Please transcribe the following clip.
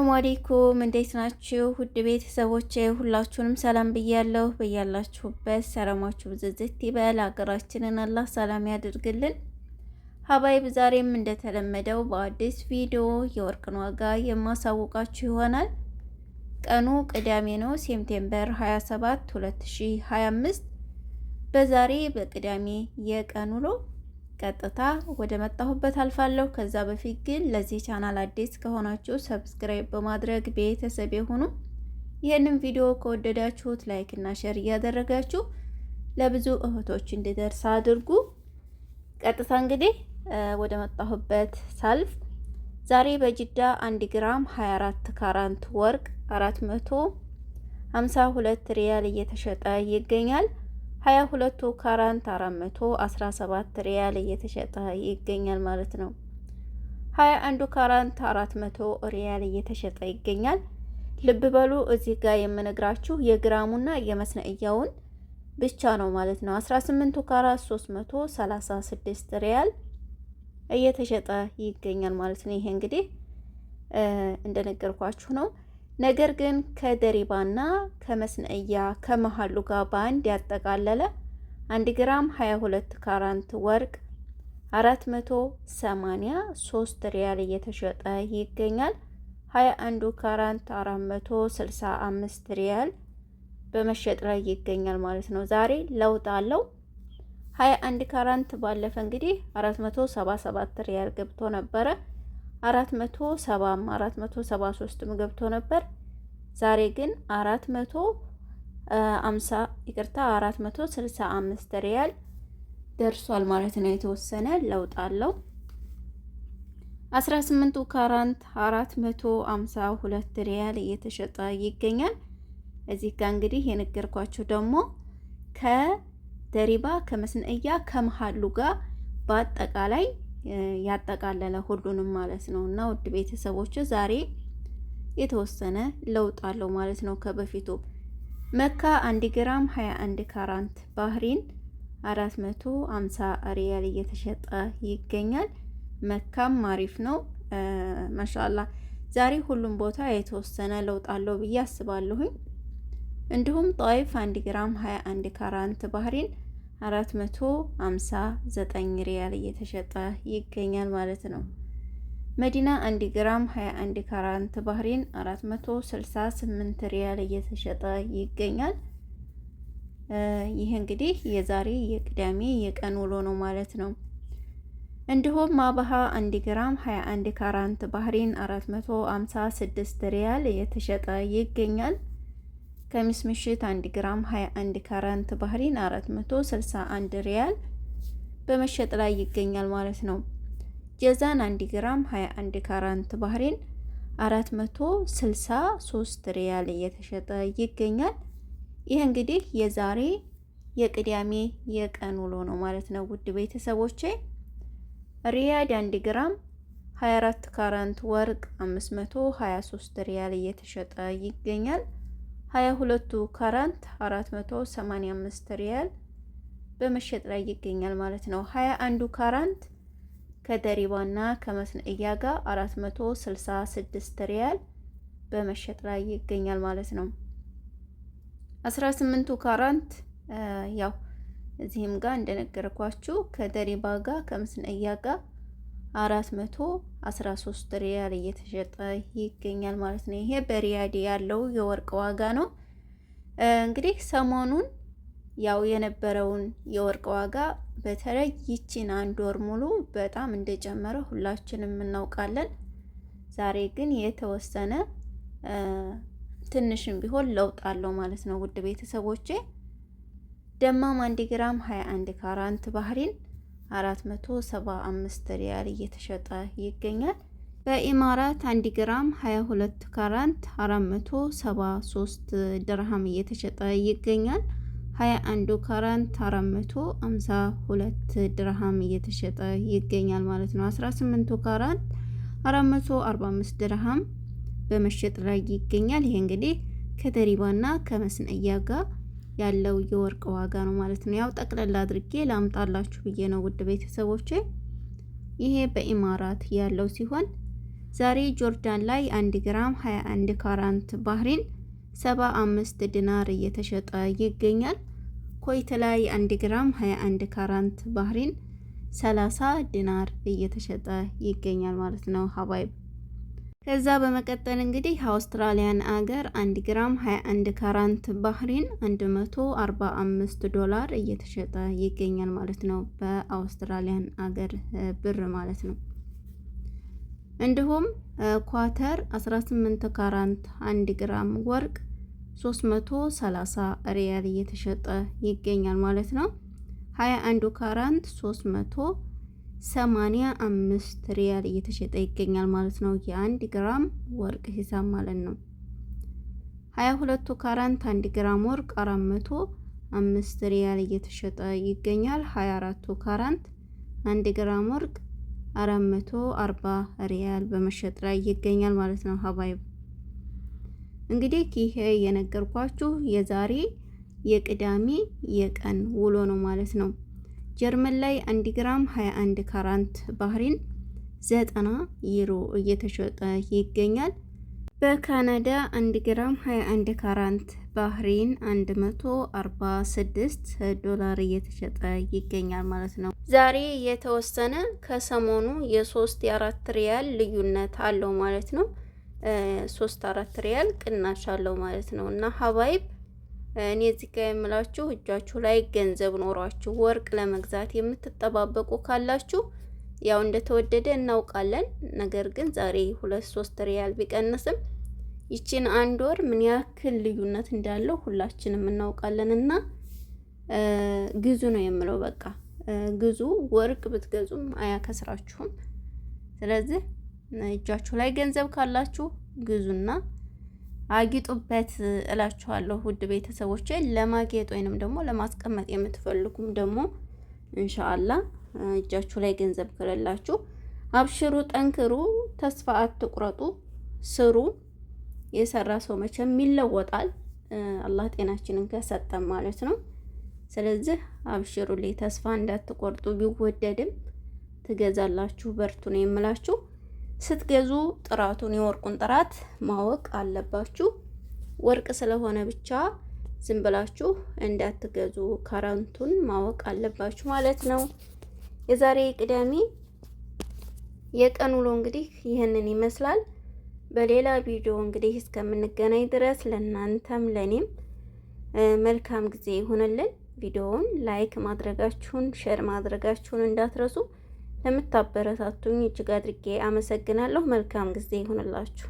ሰላሙ አሌይኩም እንዴት ናችሁ? ውድ ቤተሰቦች ሁላችሁንም ሰላም ብያለሁ። በያላችሁበት ሰላማችሁ ብዝዝት ይበል። ሀገራችንን አላህ ሰላም ያድርግልን። ሀባይ ዛሬም እንደተለመደው በአዲስ ቪዲዮ የወርቅን ዋጋ የማሳውቃችሁ ይሆናል። ቀኑ ቅዳሜ ነው፣ ሴፕቴምበር 27 2025። በዛሬ በቅዳሜ የቀን ውሎ ቀጥታ ወደ መጣሁበት አልፋለሁ። ከዛ በፊት ግን ለዚህ ቻናል አዲስ ከሆናችሁ ሰብስክራይብ በማድረግ ቤተሰብ የሆኑ ይህንን ቪዲዮ ከወደዳችሁት ላይክ እና ሼር እያደረጋችሁ ለብዙ እህቶች እንዲደርስ አድርጉ። ቀጥታ እንግዲህ ወደ መጣሁበት ሳልፍ ዛሬ በጅዳ 1 ግራም 24 ካራንት ወርቅ 452 ሪያል እየተሸጠ ይገኛል። ሀያ ሁለቱ ካራንት አራት መቶ አስራ ሰባት ሪያል እየተሸጠ ይገኛል ማለት ነው። ሀያ አንዱ ካራንት አራት መቶ ሪያል እየተሸጠ ይገኛል። ልብ በሉ እዚህ ጋር የምነግራችሁ የግራሙና የመስነእያውን ብቻ ነው ማለት ነው። 18ቱ ካራት 336 ሪያል እየተሸጠ ይገኛል ማለት ነው። ይሄ እንግዲህ እንደነገርኳችሁ ነው። ነገር ግን ከደሪባና ከመስነእያ ከመሀሉ ጋር በአንድ ያጠቃለለ 1 ግራም 22 ካራንት ወርቅ 483 ሪያል እየተሸጠ ይገኛል። 21 ካራንት 465 ሪያል በመሸጥ ላይ ይገኛል ማለት ነው። ዛሬ ለውጥ አለው። 21 ካራንት ባለፈ እንግዲህ 477 ሪያል ገብቶ ነበረ። አራት መቶ ሰባም አራት መቶ ሰባ ሶስትም ገብቶ ነበር። ዛሬ ግን አራት መቶ አምሳ ይቅርታ አራት መቶ ስልሳ አምስት ሪያል ደርሷል ማለት ነው። የተወሰነ ለውጥ አለው። አስራ ስምንቱ ካራንት አራት መቶ አምሳ ሁለት ሪያል እየተሸጠ ይገኛል። እዚህ ጋር እንግዲህ የነገርኳችሁ ደግሞ ከደሪባ ከመስነእያ ከመሀሉ ጋር በአጠቃላይ ያጠቃለለ ሁሉንም ማለት ነው። እና ውድ ቤተሰቦች ዛሬ የተወሰነ ለውጥ አለው ማለት ነው ከበፊቱ። መካ 1 ግራም 21 ካራንት ባህሪን 450 ሪያል እየተሸጠ ይገኛል። መካም አሪፍ ነው ማሻአላ። ዛሬ ሁሉም ቦታ የተወሰነ ለውጥ አለው ብዬ አስባለሁኝ። እንዲሁም ጣይፍ 1 ግራም 21 ካራንት ባህሪን አራት መቶ አምሳ ዘጠኝ ሪያል እየተሸጠ ይገኛል ማለት ነው። መዲና አንድ ግራም አንድ ካራንት ባህሪን 4መቶ ስምንት ሪያል እየተሸጠ ይገኛል። ይህ እንግዲህ የዛሬ የቅዳሜ የቀን ውሎ ነው ማለት ነው። እንዲሁም ማባሃ 1 ግራም 21 ካራንት ባህሪን ስድስት ሪያል እየተሸጠ ይገኛል። ቀሚስ ምሽት 1 ግራም 21 ካራንት ባህሪን 461 ሪያል በመሸጥ ላይ ይገኛል ማለት ነው። ጀዛን 1 ግራም 21 ካራንት ባህሪን 463 ሪያል እየተሸጠ ይገኛል። ይህ እንግዲህ የዛሬ የቅዳሜ የቀን ውሎ ነው ማለት ነው። ውድ ቤተሰቦቼ ሪያድ 1 ግራም 24 ካራንት ወርቅ 523 ሪያል እየተሸጠ ይገኛል። 22ቱ ካራንት 485 ሪያል በመሸጥ ላይ ይገኛል ማለት ነው። 21ዱ ካራንት ከደሪባና ከመስነእያ ጋር 466 ሪያል በመሸጥ ላይ ይገኛል ማለት ነው። 18ቱ ካራንት ያው እዚህም ጋር እንደነገርኳችሁ ከደሪባ ጋር ከመስነእያ ጋር 400 13 ሪያል እየተሸጠ ይገኛል ማለት ነው። ይሄ በሪያድ ያለው የወርቅ ዋጋ ነው። እንግዲህ ሰሞኑን ያው የነበረውን የወርቅ ዋጋ በተለይ ይቺን አንድ ወር ሙሉ በጣም እንደጨመረ ሁላችንም እናውቃለን። ዛሬ ግን የተወሰነ ትንሽም ቢሆን ለውጥ አለው ማለት ነው። ውድ ቤተሰቦቼ ደማም አንድ ግራም 21 ካራንት ባህሪን 475 ሪያል እየተሸጠ ይገኛል። በኢማራት 1 ግራም 22 ካራንት 473 ድርሃም እየተሸጠ ይገኛል። 21 ካራንት 452 ድርሃም እየተሸጠ ይገኛል ማለት ነው። 18 ካራንት 445 ድርሃም በመሸጥ ላይ ይገኛል። ይሄ እንግዲህ ከተሪባና ከመስነያ ጋር ያለው የወርቅ ዋጋ ነው ማለት ነው። ያው ጠቅለላ አድርጌ ላምጣላችሁ ብዬ ነው ውድ ቤተሰቦቼ። ይሄ በኢማራት ያለው ሲሆን ዛሬ ጆርዳን ላይ 1 ግራም 21 ካራንት ባህሪን 75 ዲናር እየተሸጠ ይገኛል። ኮይት ላይ 1 ግራም 21 ካራንት ባህሪን 30 ዲናር እየተሸጠ ይገኛል ማለት ነው ሀባይብ ከዛ በመቀጠል እንግዲህ አውስትራሊያን አገር 1 ግራም 21 ካራንት ባህሪን 145 ዶላር እየተሸጠ ይገኛል ማለት ነው፣ በአውስትራሊያን አገር ብር ማለት ነው። እንዲሁም ኳተር 18 ካራንት 1 ግራም ወርቅ 330 ሪያል እየተሸጠ ይገኛል ማለት ነው። 21 ካራንት 300 ሰማንያ አምስት ሪያል እየተሸጠ ይገኛል ማለት ነው። የአንድ ግራም ወርቅ ሂሳብ ማለት ነው። ሀያ ሁለቱ ካራንት አንድ ግራም ወርቅ አራት መቶ አምስት ሪያል እየተሸጠ ይገኛል። ሀያ አራቱ ካራንት አንድ ግራም ወርቅ አራት መቶ አርባ ሪያል በመሸጥ ላይ ይገኛል ማለት ነው። ሀባይ እንግዲህ ይሄ የነገርኳችሁ የዛሬ የቅዳሜ የቀን ውሎ ነው ማለት ነው። ጀርመን ላይ 1 ግራም 21 ካራንት ባህሪን 90 ዩሮ እየተሸጠ ይገኛል። በካናዳ 1 ግራም 21 ካራንት ባህሪን 146 ዶላር እየተሸጠ ይገኛል ማለት ነው። ዛሬ የተወሰነ ከሰሞኑ የሶስት የአራት ሪያል ልዩነት አለው ማለት ነው። ሶስት አራት ሪያል ቅናሽ አለው ማለት ነው እና ሀባይብ እኔ እዚህ ጋር የምላችሁ እጃችሁ ላይ ገንዘብ ኖሯችሁ ወርቅ ለመግዛት የምትጠባበቁ ካላችሁ ያው እንደተወደደ እናውቃለን። ነገር ግን ዛሬ ሁለት ሶስት ሪያል ቢቀንስም ይችን አንድ ወር ምን ያክል ልዩነት እንዳለው ሁላችንም እናውቃለን። እና ግዙ ነው የምለው በቃ ግዙ። ወርቅ ብትገዙም አያከስራችሁም። ስለዚህ እጃችሁ ላይ ገንዘብ ካላችሁ ግዙና አጊጡበት እላችኋለሁ ውድ ቤተሰቦች። ለማጌጥ ወይንም ደግሞ ለማስቀመጥ የምትፈልጉም ደግሞ እንሻአላ እጃችሁ ላይ ገንዘብ ከሌላችሁ አብሽሩ፣ ጠንክሩ፣ ተስፋ አትቁረጡ፣ ስሩ። የሰራ ሰው መቼም ይለወጣል። አላህ ጤናችንን ከሰጠን ማለት ነው። ስለዚህ አብሽሩልኝ፣ ተስፋ እንዳትቆርጡ። ቢወደድም ትገዛላችሁ። በርቱ ነው የምላችሁ። ስትገዙ ጥራቱን የወርቁን ጥራት ማወቅ አለባችሁ። ወርቅ ስለሆነ ብቻ ዝም ብላችሁ እንዳትገዙ ካራንቱን ማወቅ አለባችሁ ማለት ነው። የዛሬ ቅዳሜ የቀን ውሎ እንግዲህ ይህንን ይመስላል። በሌላ ቪዲዮ እንግዲህ እስከምንገናኝ ድረስ ለእናንተም ለእኔም መልካም ጊዜ ይሁንልን። ቪዲዮውን ላይክ ማድረጋችሁን ሼር ማድረጋችሁን እንዳትረሱ። ለምታበረታቱኝ እጅግ አድርጌ አመሰግናለሁ። መልካም ጊዜ ይሁንላችሁ።